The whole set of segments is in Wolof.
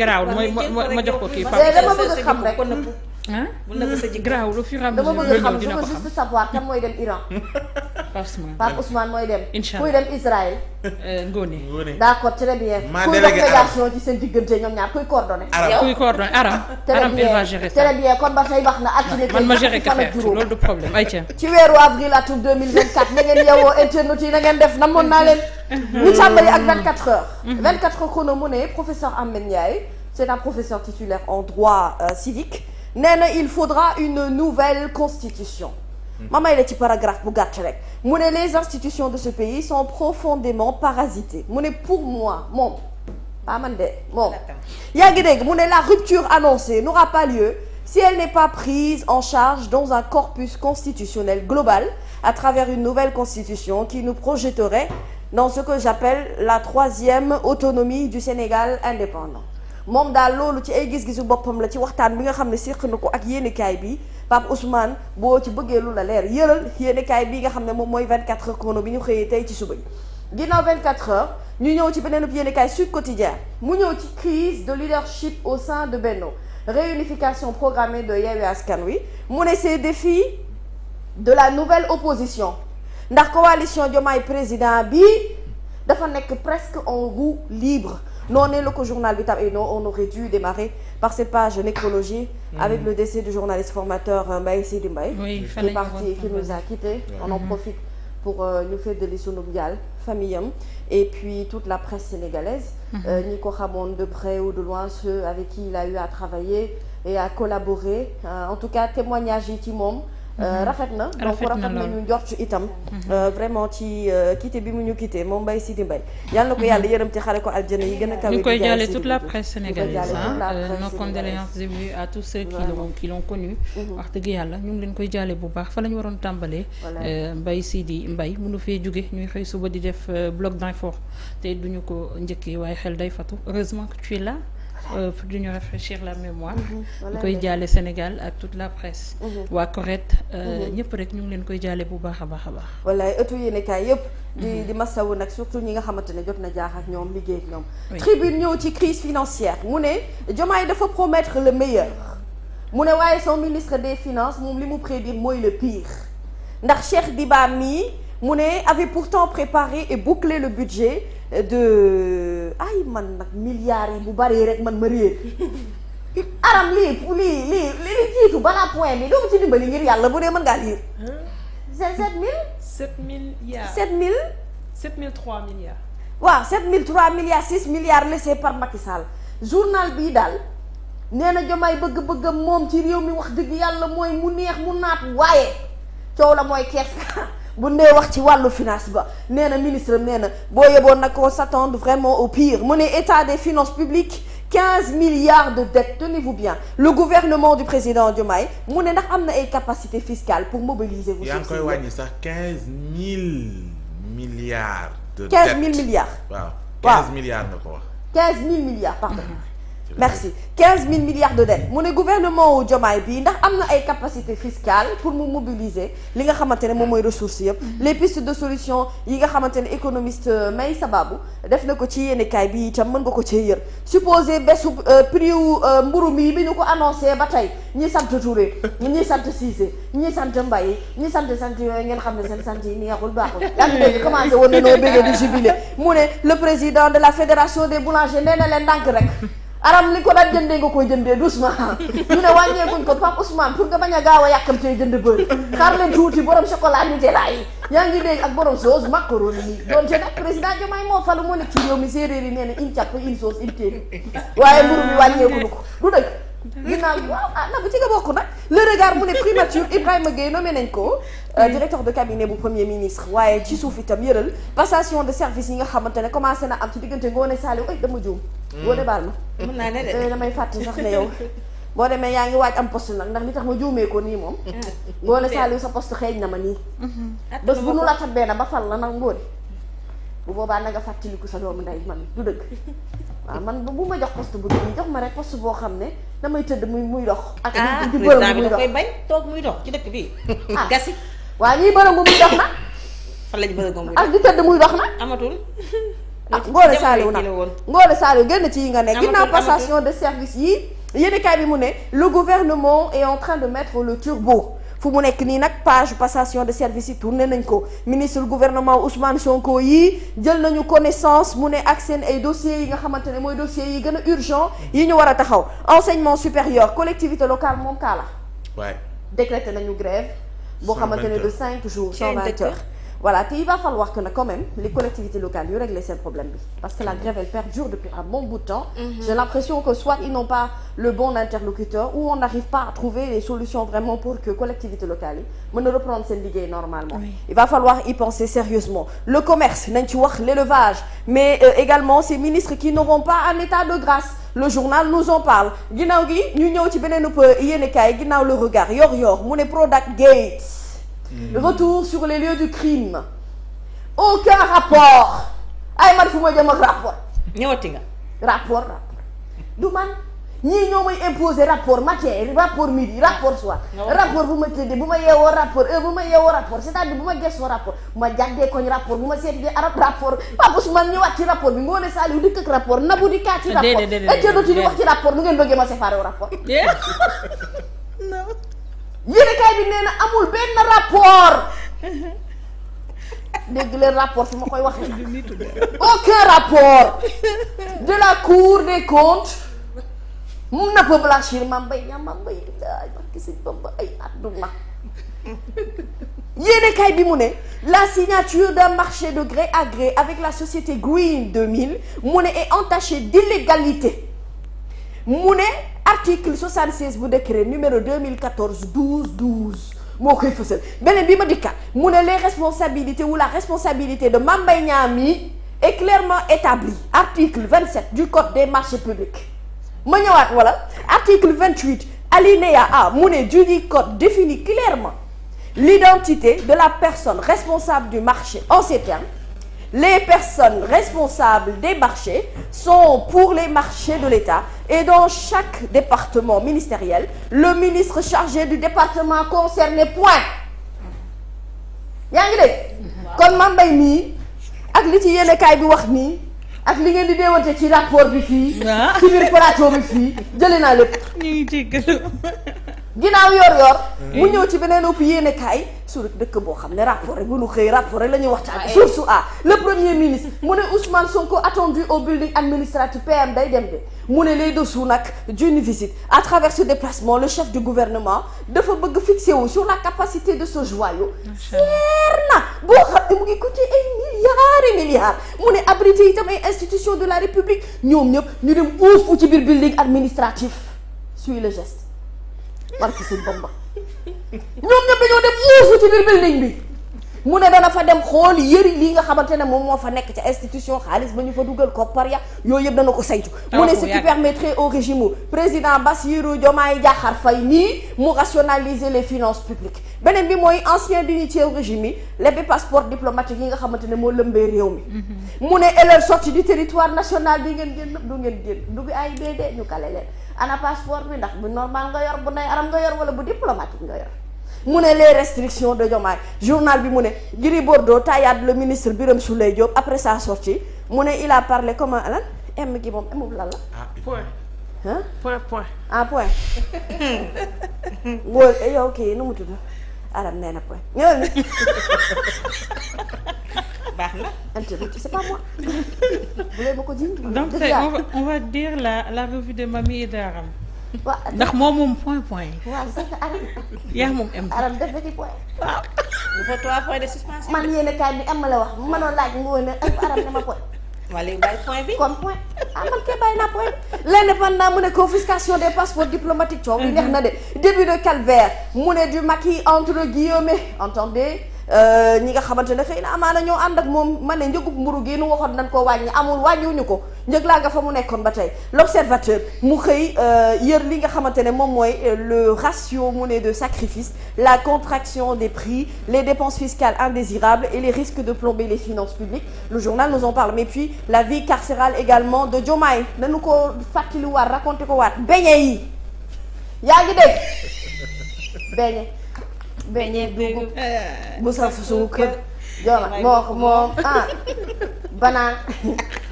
garaawul mooy ma jox ko kii Pape dama bëgg xam rek ah. mun na ko sa ji garaawul au fur et à mesure bëgg xam je veux juste savoir kan mooy dem Pape Ousmane Pape Ousmane mooy dem. incha allah kuy dem Israël. Euh, Ngone. d'accord très bien. maa kuy def médiation ci seen diggante ñoom ñaar kuy coordonné. aram kuy coordonné aram. aram il va gérer bien kon ba tey baax na activité man ma gérer café loolu du problème ayca. ci weeru avril atum 2024 na ngeen yeewoo internet yi na ngeen def namoon naa leen. ñu tàmbali ak 24 heures. 24 mhm. heures chrono mu ne professeur Ahmed Ndiaye c'est un professeur ma may la ci paragraphe bu gàtt rek mu ne les institutions de ce pays sont profondément parasitées mu ne pour moi moom pas man de moom yaa ngi mu ne la rupture annoncée n'aura pas lieu si elle n'est pas prise en charge dans un corpus constitutionnel global à travers une nouvelle constitution qui nous projetterait dans ce que j'appelle la troisième autonomie du Sénégal indépendant moom daal loolu ci ay gis-gisu boppam la ci waxtaan bi nga xam ne séq na ko ak yéenekaay bi Pape Ousmane boo ci bëggee lu la leer yëral yéenekaay bi nga xam ne moom mooy 24 heures chrono bi ñu xëyee tey ci suba yi ginnaaw 24 heures ñu ñëw ci beneen yéenekaay Sud Quotidien mu ñëw ci crise de leadership au sein de Benno réunification programmée de Yewwi Askan Wi mu ne ces défis de la nouvelle opposition ndax coalition Diomaye président bi dafa nekk presque en roue libre noonee la ko journal bi tam non on aurait dû démarrer par cette page nécrologie mhm. avec le décès du journaliste formateur Mbaye Sidi Mbaye qui nous a quittés mhm. pour ñu féddali sunu njaal famille et puis toute la presse sénégalaise ñi ko xamoon de près ou de loin ceux avec qui il a eu à travailler et à collaborer euh, en tout cas témoignage yi ci moom Euh, mhm. rafet na donc rafet na ñu njort itam mhm. euh, vraiment ci quitté euh, bi mu ñu quitté moom Mbaye Sidi Mbaye yàlla na ko yàlla mhm. yërëm ci xare ko aljana yi gën a kawe ñu koy jàllee toute la presse sénégalaise nos condoléances émues à tous ceux qui l'ont qui l'ont connu wax dëgg yàlla ñu ngi leen koy jàllee bu baax fa la ñu waroon tàmbalee Mbaye Sidi mbay mënu fee jóge ñuy xëy suba di def bloc d'info te duñu ko njëkkee waaye xel day fatu heureusement que tu es du euh, ñu rafraîchir la mémoire. Mhm. ñu koy jaale Sénégal ak toute la presse. Mhm. waa correct euh, mhm. ñëpp rek ñu ngi leen koy jaale bu baax a baax a baax. wallaay ëttu yéenekaay yëpp. di ma masawu nag surtout ñi nga xamante ne jot na jaax ak ñoom liggéey ak ñoom. tribune ñëw ci crise financière mu ne Diomaye dafa promettre le meilleur. mu ne waaye son ministre des finances moom li mu prédire mooy le pire ndax Cheikh Diba nii mu ne avait pourtant préparé et bouclé le budget euh, de ay man nag milliards yi bu bari rek man ma réer aram lii li lii lii jiitu balaa point bi ti ci dimbali ngir yàlla bu dee mën ngaa lire. c'est sept mille. sept milliards sept mille. sept mille trois milliards. waaw sept mille trois milliards six milliards laissés par Macky Sall journal bii daal nee na Diomaye bëgg-bëggam moom ci réew mi wax dëgg yàlla mooy mu neex mu naat waaye coow la mooy kees. bu ndee wax ci wàllu finance ba nee na ministre nee na boo yeboon nag on s'attend vraiment au pire mu ne état des finances publiques 15 milliards de dettes tenez-vous bien le gouvernement du président Diomaye mu ne ndax am na ay capacité fiscale pour mobiliser vous yaa ngi koy wàññi sax 15 000 milliards de dettes 15 000 milliards waaw 15 milliards na ko wax pardon mhm. merci 15000 milliards de dettes mu ne gouvernement wu Diomaye bii ndax am na ay capacité fiscale pour mu mobiliser li nga xamante ne moom mooy ressources yëpp mm-hmm. les pistes de solution yi nga xamante ne économiste euh, May Sababu def na ko ci yéenekaay bi tam mën nga ko ci yër supposé bésu euh, prix wu euh, mburu mi bi ñu ko annoncé ba tey ñi sant Touré ñi sant Cissé ñi sant Mbaye ñi sant sant yooyu ngeen xam ne seen sant yi neexul baaxul yaa ngi dégg commencé de la fédération des boulangers nee leen ndànk rek aram li ko daan jëndee nga koy jëndee doucement ñu ne wàññeekuñ ko Pape Ousmane pour nga bañ a gaaw a yàkkamtee jënd bëri xaar leen tuuti borom chocolat Nutella yi yaa ngi dégg ak borom sauce macaroni yi donte nag président Diomaye moo falu moo nekk ci réew mi séeréer yi nee ne une capp une sauce une téeri waaye mburu mi wàññeekuñu ko ginnaaw waaw ah Nabou ci nga bokk nag le regard mu ne primature Ibrahima Gueye nommé nañ ko euh, directeur de cabinet bu premier ministre waaye ci suuf itam yëral passation de service yi nga xamante ne commencé na am ci diggante Ngoné Saliou ay dama juum hmm. Ngoné baal ma mën euh, damay fàtte yaa ngi waaj am poste nag ndax li tax ma juumee ko nii moom ah, Ngoné Saliou sa poste xeeñ na ma nii mhm. bés bu nu la tabbee na ba fal na nag Ngoné bu boobaa na nga fàttaliku sa doomu ndey man du dëgg waaw ah, man bu ma jox post bu dul jox ma rek post boo xam ne damay tëdd muy muy dox. ak ah, di bërëb muy dox toog muy dox ci dëkk bi. ah gasi. waaw ñuy bërëb muy dox na. fan la ñu bërëb muy dox ak di tëdd muy dox na. amatul. ah Ngoone Saliou nag Ngoone Saliou génn ci yi nga nekk ginnaaw passation de service yi yéen kaay bi mu ne le gouvernement est en train de mettre le turbo. fu mu nekk nii nag page passation de service yi tourné nañ ko ministre gouvernement Ousmane Sonko yi jël nañu connaissance mu ne ak seen ay dossiers yi nga xamante ne mooy dossiers yi gën a urgent yi ñu war a taxaw enseignement supérieur collectivité locale moom kaala la décrété nañu grève boo xamante ne de cinq jours cent vingt heures voilà te il va falloir que nag quand même les collectivités locales ñu régler seen problème bi parce que la grève elle perdure depuis un bon bout mhm. j'ai l'impression que soit ils pas le bon interlocuteur ou on n'arrive pas à trouver les solutions vraiment pour que collectivités locales yi mën a reprendre normalement il va falloir y penser sérieusement le commerce nañ ci wax l'élevage mais euh, également ces ministres qui n'auront pas un état de grâce ñëw ci beneen euh, yéenekaay ginnaaw le regard yor yor mu ne Prodac Gates Mm. retour sur les lieux du crime aucun rapport fu ma jëm ak rapport ñëwati nga rapport rapport du man ñii ñoo may imposer rapport matin rapport midi rapport soir rapport bu ma tëddee bu ma yeewoo rapport heure bu ma yeewoo rapport c'est-à-dire bu ma gëstoo rapport bu ma jàddee koñ rapport bu ma seetee arab rapport Pape rapport bi Ngoné Saliou dikk ak rapport Nabou di kaat ci rapport et di wax ci rapport nu ngeen bëggee ma séparé rapport yéenekaay bi nee na amul benn rapport dégg leen rapport ma koy waxee de la cour des comptes mun na ko blanchir maam bay ñaam maam bay ay barki si bamba bi mu ne la signature d'un marché de gré à gré avec la société Green 2000 mu ne est entachée d'illégalité mu ne article 76 bu décret numéro 2014 12 12 moo koy fësal beneen bi ma dikkaat mu ne les responsabilités ou la responsabilité de Mame Mbaye mi est clairement établie article 27 du code des marchés publics ma ñëwaat wala article 28 alinéa A mu ne du code définit clairement l'identité de la personne responsable du marché en ces termes les personnes responsables des marchés sont pour les marchés de l'État et dans chaque département ministériel, le ministre chargé du département concerné point. yaa ngi dégg kon Mame ak li ci yéenekaay bi wax nii ak li ngeen di déewante ci rapport bi fii ah. ci biir plateau bi fii jëlee naa lépp ñu ngi jéggalu ginnaaw yor-yor. Mm. mu ñëw ci beneen ëpp yéene kaay su dëkk boo xam ne rapport rek mënu xëy rapport rek la ñuy waxtaan. Ah, eh. source a le premier ministre mu ne Ousmane Sonko attendu au building administratif PM day dem bi mu ne les dessous nag d'une visite à travers ce déplacement le chef du gouvernement dafa bëgg fixé wu sur la capacité de ce joyau. seer na boo xam mu ngi coûté ay milliards et milliards mu ne abrité itam ay institutions de la république ñëpp ñu ci biir building administratif suit le barki sëñ Bamba ñoom ñëpp dañoo dem muusu ci biir building bi mu ne dana fa dem xool yëri lii nga xamante ne moom moo fa nekk ca institution xaalis ba ñu fa dugal koppar ya yooyu yëpp dana ko saytu mu ne ce qui permettrait au régime président Bassirou Diomaye Diakhar Faye nii mu rationaliser les finances publiques beneen bi mooy ancien dignitaire au régime yi lebbi passeport diplomatique yi nga xamante ne moo lëmbee réew mi mhm. mu ne et leur sortie du territoire national ngeen génn du ñu kale ana passeport bi ndax bu normal nga yor bu nay aram nga yor wala bu diplomatique nga yor mu ne les restrictions de Diomaye journal bi mu ne Gris Bordeaux taayaat le ministre Birame Souleye Diop après sa sortie mu ne il a parlé comme lan m gi moom mub lan la ah, point ah point point ah point góor yow kii nu mu tudd Adam nee na point a ni baax na. c'est pas moi. bu leen ma ko jiw. donc tey on va on va dire la la revue de Mamy et d'Aram. ndax moom moom point point yi. waaw c'est que Aram. yaa moom am. Aram def na ci point. waaw. il faut trois points de suspension. man yéen a kaay bi am la m bu ma mënoon laaj nga woon ne point. waa léegi bàyyi point bi kon point ah man kay bàyyi naa point bi l'indépendant mu ne confiscation des passeports diplomatiques coow li neex de début de calvaire mu ne du maquis entre Euh, ñi nga xamante ne xëy na amaana ñoo ànd ak moom man ne njëgub mburu gi nu waxoon nañ ko wàññi amul wàññiwuñu ko njëg laa nga fa mu nekkoon ba tey l'observateur mu xëy euh, yër li nga xamante ne moom mooy euh, le ratio mu ne de sacrifice la contraction des prix les dépenses fiscales indésirables et les risques de plomber les finances publiques le journal nous en parle mais puis la vie carcérale également de na nañu ko fàttali waar raconté ko waat beñe yi yaa ngi beñeek dugub bu saf suukar jooma moo ko moom ah banaan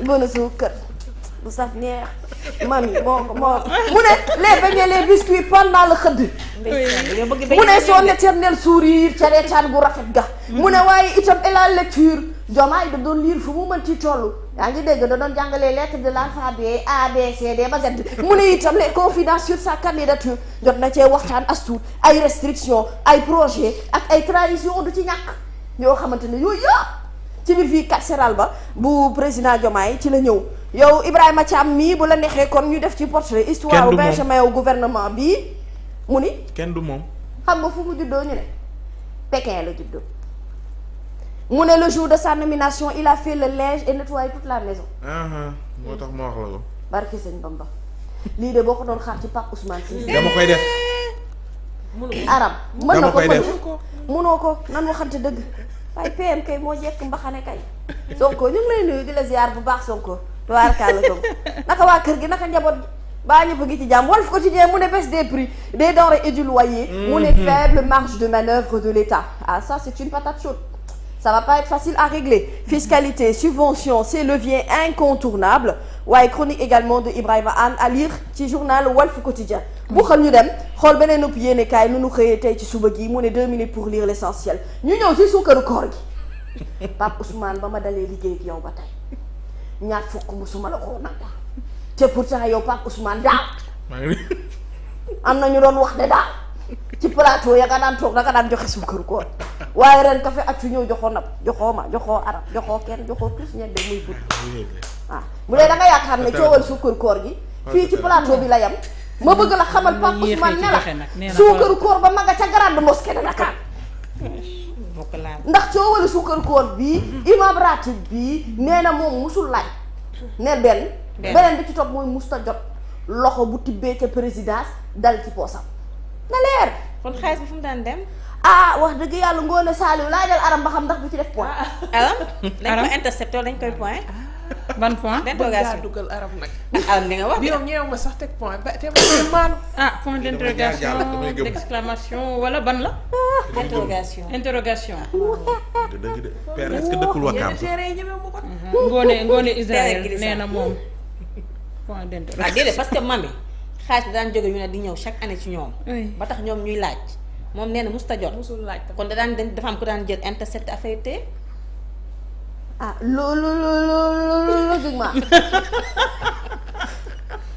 bën a suukar bu saf neex mami moo ko moo ko mu ne les beñeek les biscuits pendant le xëdd mu ne son éternel sourire ca reetaan gu rafet ga mu ne waaye itam et la lecture joomaay da doon lire fu mu mën ci tollu yaa ngi dégg da doon jàngalee lettre de l'alphabet A B C D ba Z mu ne itam les confidences sur sa candidature jot na cee waxtaan as tuut ay restrictions ay projets ak ay trahison du ci ñàkk yoo xamante ne yooyu yëpp ci biir vie ba bu président Diomaye ci la ñëw yow Ibrahima Thiam mii bu la neexee kon ñu def ci portrait histoire Benjamin au gouvernement bii mu ni kenn du moom xam nga fu mu juddoo ñu ne Pékin la juddoo mu ne le jour de sa nomination il a fait le linge et nettoyé toute la maison. Uh-huh. moo tax ma wax la ko. barke sëñ Bamba lii de boo ko doon xaar ci Pape Ousmane si. Eh. dama koy def. aram mën na ko mën ko mënoo ko nan waxante dëgg waaye PM kay moo jekk mbaxane kay. Sonko ñu ngi lay nuyu di la ziar bu baax Sonko waar kàlla Sonko naka waa kër gi naka njaboot baa ñëpp ngi ci jàmm Walf Quotidien mu ne baisse des prix des et du loyer. mu ne mm-hmm. faible marge ça va pas être facile à régler fiscalité subvention c'est levier incontournable waaye chronique également de Ibrahima Anne à lire ci journal Walf Quotidien bu xam ñu dem xool beneen ëpp yéene kaay nu nu xëyee tey ci suba gi mu ne deux minutes pour lire l'essentiel ñu ñëw ci suukaru koor gi Pape Ousmane ba ma dalee liggéey ak yow ba tey ñaar fukk musuma la ko nag te pourtant yow Pape Ousmane daaw am na ñu doon wax de daaw ci plateau ya nga daan toog da nga daan joxe suukar koor waaye ren café ak su ñëw joxoo nab joxoo ma joxoo arab joxoo kenn joxoo tous ñebe muy gudd waaw ah, ah, bu dee da yaakaar ne ah, coowal suukar koor bi la yam ma bëgg la xamal Pape Ousmane ne la suukaru koor ba ma nga ca grande mosquée de Dakar ndax coowalu suukaru koor bii imam ratib bii nee na moom musul laaj ne benn beneen bi ci topp mooy musta jot loxo bu tibbee ca présidence dal ci poosam na leer. kon xaalis bi fu mu daan dem. ah wax dëgg yàlla ngoone Saliou laajal aram ba xam ndax bu ci def point. Ah. aram dañ ko intercepté wala dañ koy point. Ah. ban point d'interrogation dugal aram nag. aram nga wax bi yow ñëw ma sax teg point ba te ma ah point wala ban la. Ah. interrogation interrogation. dëgg de père est-ce que dëkkul Wakaam. ngoone ngoone Israël nee na moom point d'interrogation. ah déedéet parce que xaalis bi daan jóge yu ne di ñëw chaque année ci ñoom. ba tax ñoom ñuy laaj moom nee na mosut a jot. mosul laaj kon da daan dafa am ko daan jël intercept affaire te. ah loolu loolu loolu logiquement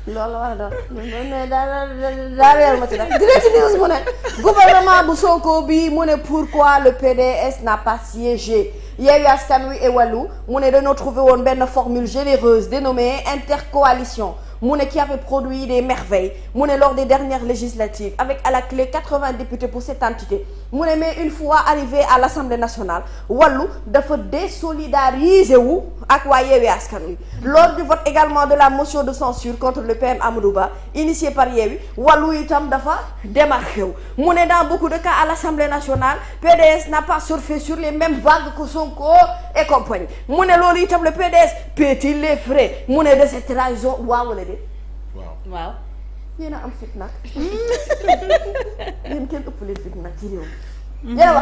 loolu war a doon mais daal daal weer ma ci def direct news mu ne gouvernement bu Sonko bi mu ne pourquoi le PDS n'a pas siégé Yewwi Askan Wi et Wallu mu ne dañoo trouvé woon benn formule généreuse dénommée intercoalition mu ne qui avait produit des merveilles mu ne lors des dernières législatives avec à la clé 80 députés pour cette entité mu ne mais une fois arrivé à l'Assemblée nationale wàllu dafa désolidariser wu ak waa Yewwi Askan Wi lors du vote également de la motion de censure contre le PM Amadou Ba initiée par Yewwi wàllu itam dafa démarqué wu mu ne dans beaucoup de cas à l'Assemblée nationale PDS n'a pas surfé sur les mêmes vagues que Sonko et mu ne loolu itam le les mu ne waaw yéen a am fit nag ëpp leen fit ci réew mi mhm. yéen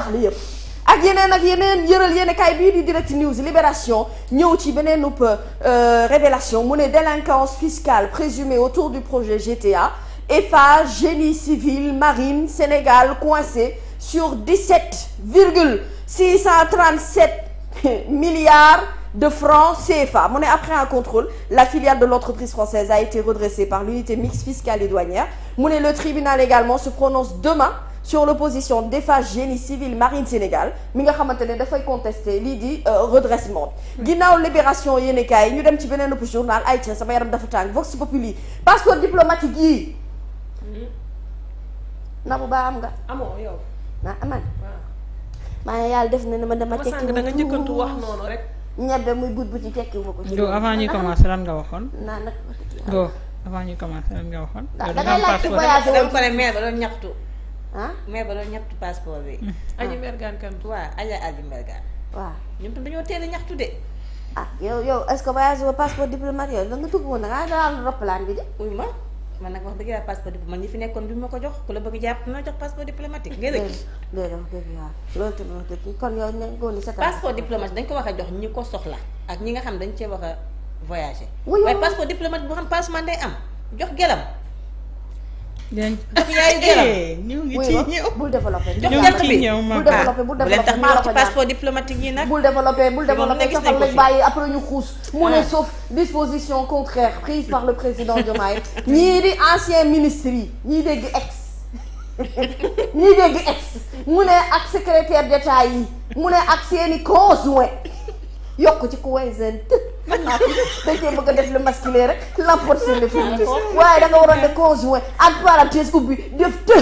ak yeneen ak yeneen yëral yéen kaay bii di direct news libération ñëw ci beneen upp euh, révélation mu ne délinquance fiscale présumée autour du projet GTA EFA génie civil marine Sénégal coincé sur 17 virgule 637 milliards de francs CFA mu ne après un contrôle la filiale de l'entreprise française a été redressée par l'unité mixte fiscale et douanière mu ne le tribunal également se prononce demain sur l'opposition d'EFA Génie Civil Marine Sénégal mi nga xamante ne dafay contester lii di euh, redressement ginnaaw libération yéenekaay yi ñu dem ci beneen ëpp journal ay ca sama yaram dafa tàng vox populi passeport diplomatique yii mm-hmm. na bu baax am nga amoo yow. naa ah, aman maa yàlla def na ne ma dama tekki da nga njëkkantu wax noonu rek ñebe muy but bu ci tekkiwu ko. ci loolu avant ñuy commencé lan nga waxoon. naa nag go avant ñuy commencé lan nga waxoon. da ngay laaj ci voyage dama pare maire ba doon ñaxtu. ah maire ba doon ñaxtu passeport bi. Hmm. Ah. aji mbergaan kan. waaw aja tam dañoo teel a ñaxtu de. ah yow yow est-ce que voyage passeport diplomate yooyu la nga dugg woon da ngaa bi de. uy ma. man nag wax dëgg yàlla passeport diplomatique man ñi fi nekkoon bi ma ko jox ku la bëgg jàpp na jox passeport diplomatique. ngay dëgg passeport diplomatique dañ ko wax a jox ñi ko soxla ak ñi nga xam dañ cee wax a voyager. waaye passeport diplomatique boo xam passement day am jox gelam Eh, ñu ngi ci ñëw bul développé jox bi bul développé ah, bul développé maa la ko passeport diplomatique yi nag bul développé bul développé joxal lañ bàyyi après ñu xuus mu ne ah. sauf disposition contraire prise par le président Diomaye ñii di ancien ministre yi ñii dégg ex ñii dégg ex mu ne ak secrétaire d'état yi mu ne ak seeni conjoint yokk ci cohésion dañ naa ko bëgg a def le masculin rek l'emporte sur le féminin waaye da nga waroon de conjoint entre parenthèses ubbi def të.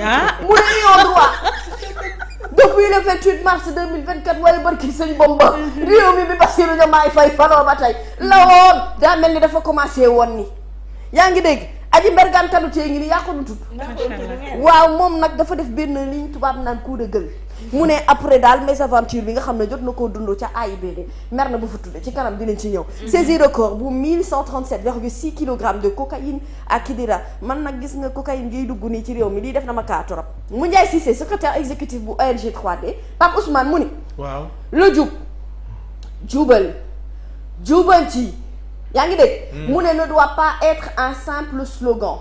Ah. mu ne union droit depuis le 28 mars 2024 waaye barki sëñ Bamba. réew mi bi Bassirou Diomaye Faye faloo ba tey la woon daa mel ni dafa commencé woon ni yaa ngi dégg. aji mbergaan kanu tee ngi ni yaa ko nu tudd waaw moom nag dafa def benn liñ tubaab naan coup de gueule mu ne après daal mésaventure bi nga xam ne jot na koo dund ca ay AIBD mer na ba fa tudde ci kanam dinañ ci ñëw mhm. saisie record bu 1137 virgule 6 kilogrammes de cocaïne à Kidira man nag gis nga cocaïne giy dugg nii ci réew mi lii def na ma kaa torop mu Ndiaye Cissé secrétaire exécutif bu ONG 3D Pape Ousmane mu ni waaw jub jubal jubanti yaa ngi dégg mhm. mu ne ne doit pas être un simple slogan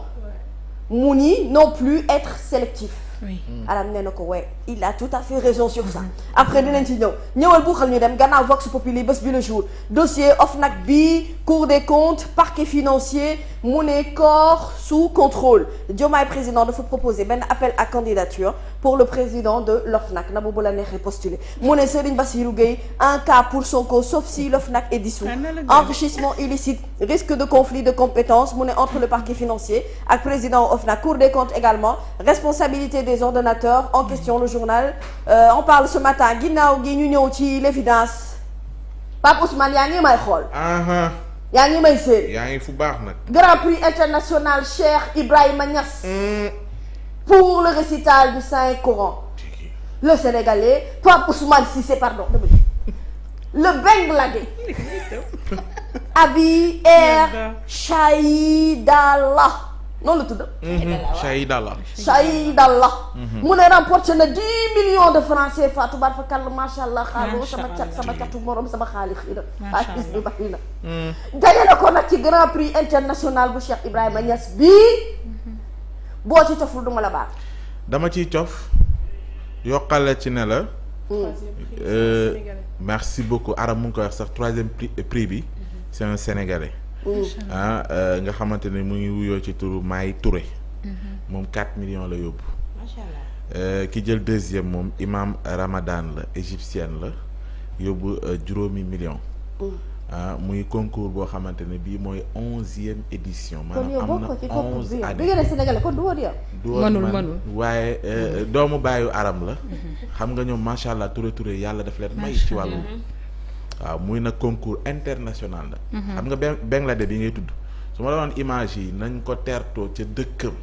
mu ni non plus être sélectif oui mm. Adam nee na ko waaye il a tout à fait raison sur ça. après dinañ ci ñëw ñëwal bu xel ñu dem gannaaw Vox Populi bés bi le jour dossier OFNAC bi Cour des comptes parquet financier mu ne corps sous contrôle Diomaye président dafa proposer benn appel à pour le président de l'OFNAC na bu bu la neexee postuler mu ne un cas pour Sonko sauf si l'OFNAC est dissous ah, enrichissement illicite risque de conflit de compétences mu entre le parquet financier ak président OFNAC Cour des comptes également responsabilité des ordonnateurs en question le journal euh, on parle ce matin ginnaaw gi ñu l'évidence Pape Grand Prix international Cheikh Ibrahima Niass hmm. pour le récital du Saint-Coran. Le Sénégalais, Pape Ousmane Cissé, pardon, le Bangladais. Abi R. Shahidallah. noonu la tudd. Mhm. Shahidallah Shahidallah. Mhm. mu ne remporté na 10 millions de francs CFA tubaarkalla macha allah. xaaloo sama cat sama catu morom sama xaalis xëy na. macha allah xaalis bi bari na. gañe mhm. na ko nag ci grand prix international bu Cheikh Ibrahima Niass boo ci coful du ma la baal. dama ciy cof yokkale ci ne la. Mm. Euh, merci beaucoup Aram mu ngi koy wax sax troisième prix euh, prix bi. Mm-hmm. c'est un mm. ah euh, nga xamante ne mu ngi wuyoo ci turu Maay Touré. Mm-hmm. moom 4 million la yóbbu. macha ki jël deuxième moom imam Ramadan la égyptienne la yóbbu juróomi million. Mm. ah muy concours boo xamante ne bii mooy onzième édition. maanaam am na onze année mënul mënul waaye euh, doomu baayu aram la. Mhm. xam nga ñoom macha allah ture ture yàlla daf leen may. ci wàllu muy nag concours international la. Mhm. xam nga Bangladesh bi ngay tudd su ma la image yi nañ ko teertoo ca dëkkam.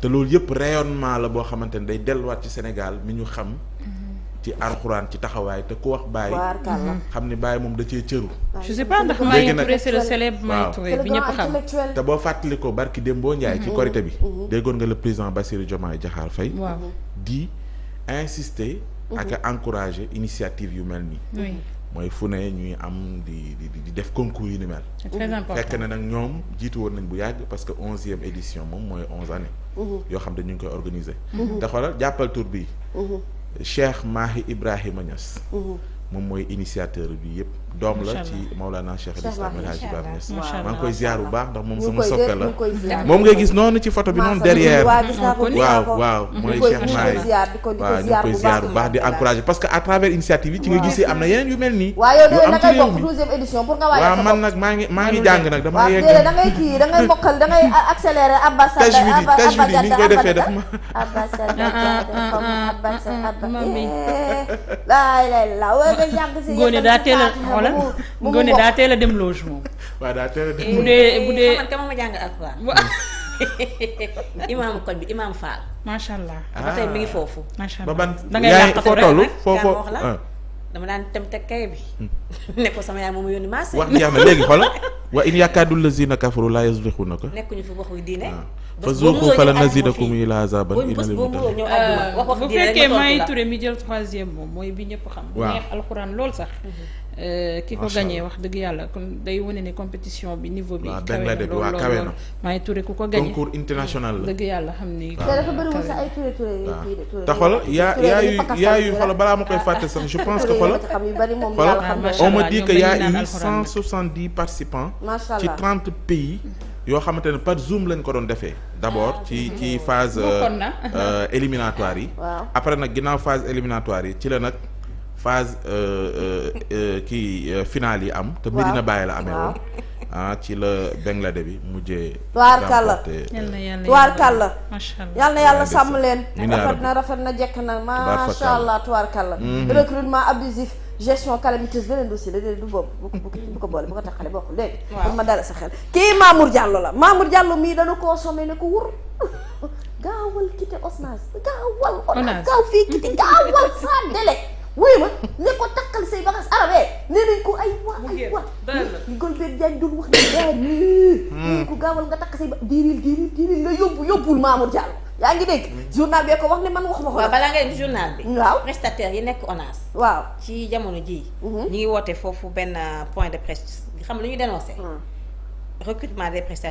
te loolu yëpp rayonnement la boo xamante ne day delluwaat ci Sénégal mi ñu xam. Mhm. ci arxuraan ci taxawaay te ku wax Baye. xam ni Baye moom da cee cëru. je sais pas ndax Maye Touré c'est le célèbre Maye Touré bi ñëpp xam te boo fàttali ko barki Dembo Ndiaye. ci mhm. korité bi. Mhm. déggoon nga le président Bassirou Diomaye Diakhar Faye. Mhm. di insister. ak a encourager initiative yu mel nii. mooy fu ne ñuy am di di di def concours yu ni mel. fekk na nag ñoom jiitu woon nañ bu yàgg parce que onzième édition moom mooy onze années. yoo xam ne ñu ngi koy organiser. te xoolal jàppal tour Cheikh Mahi Ibrahima Niass. moom mooy initiateur bi yëpp doom la ci Maulana Cheikh El koy ziar bu baax ndax moom sama soppe la moom ngay gis noonu ci photo bi noonu derrière waaw waaw mooy Cheikh Maay waaw ñu koy ziar bu baax di encourager parce que à travers initiative yi ci nga gisee am na yeneen yu mel nii yu am waaw man nag maa ngi maa ngi jàng nag dama yegg da ngay kii da ngay mokkal da ngay accélérer ambassade tajwidi tajwidi ni ñu koy defee daf ma ambassade ambassade Ngoné daa teel a xoolal daa teel a dem loge moom. waaw daa teel dem bu dee bu dee eh, xamante ma jàng alxuraan. imaamu koñ bi imaam Fall. macha allah. ba tey mi ngi foofu. macha allah da ngay làq ko rek foo foo dama daan tem teg kay bi. Hmm. nekk ko sama yaay moom yónni maa wax jeex na léegi xoolal wa in yaakaadul lazina kafaru laa yasbiqunaka. nekkuñu fi ah. ah. wax wi diine. fa zuuqu fala nazidakum ila azaban ila li mu wax bu fekkee may ture mi jël troisième moom mooy bi ñëpp xam. waaw neex alxuraan lool sax. Mm-hmm. Euh, ki ko gagné wax dëgg yàlla kon day wone ne compétition bi niveau bi. kawe na lool lool maa ngi Touré ku ko gagné concours international la yàlla xam ni. waaw dafa bëriwul sax ay te xoolal yaa yaa yu balaa ma koy ah, fàtte sax je pense que xoolal xoolal on me dit que y a eu 170 participants ci 30 pays. yoo xamante ne par zoom lañ ko doon defee d'abord ah, ci ci phase euh, euh, éliminatoire yi après nag ginnaaw phase éliminatoire yi ci la nag phase euh, euh, euh, ki finale yi am. te Medina Baye la amee woon. Ah, ci la Bangladesh bi mujjee. tubaarkàlla yal na yàlla tubaarkàlla. macha allah yàlla sàmm leen. rafet na rafet na jekk na macha allah tubaarkàlla. Mhm. recrutement abusif. gestion calamiteuse beneen dossier la déedéet du boobu bu ko bu ko boole bu ko taxalee bokkul léegi. waaw ma dara sa xel kii Mamour Diallo la Mamour Diallo mii dañu koo sommee ne ko wur. gaawal kite Osnaz gaawal. Osnaz gaaw fii kite gaawal sans délai. wuy ma ne ko takkal say bagaas ah, arabee nee nañ ko ay waa ay waa li Golbert Diagne doon wax ne daal nii nga takk say ba diiril diiril diiril la yóbbu yóbbul Mamour Diallo yaa ngi dégg hmm. journal bi ko wax ne man wax ma ko balaa ngay dem journal bi waaw prestataire yi nekk ONAS waaw ci jamono jii hmm. ñu ngi woote foofu benn euh, point de presse xam lu ñu dénoncé hmm. recrutement des prestataires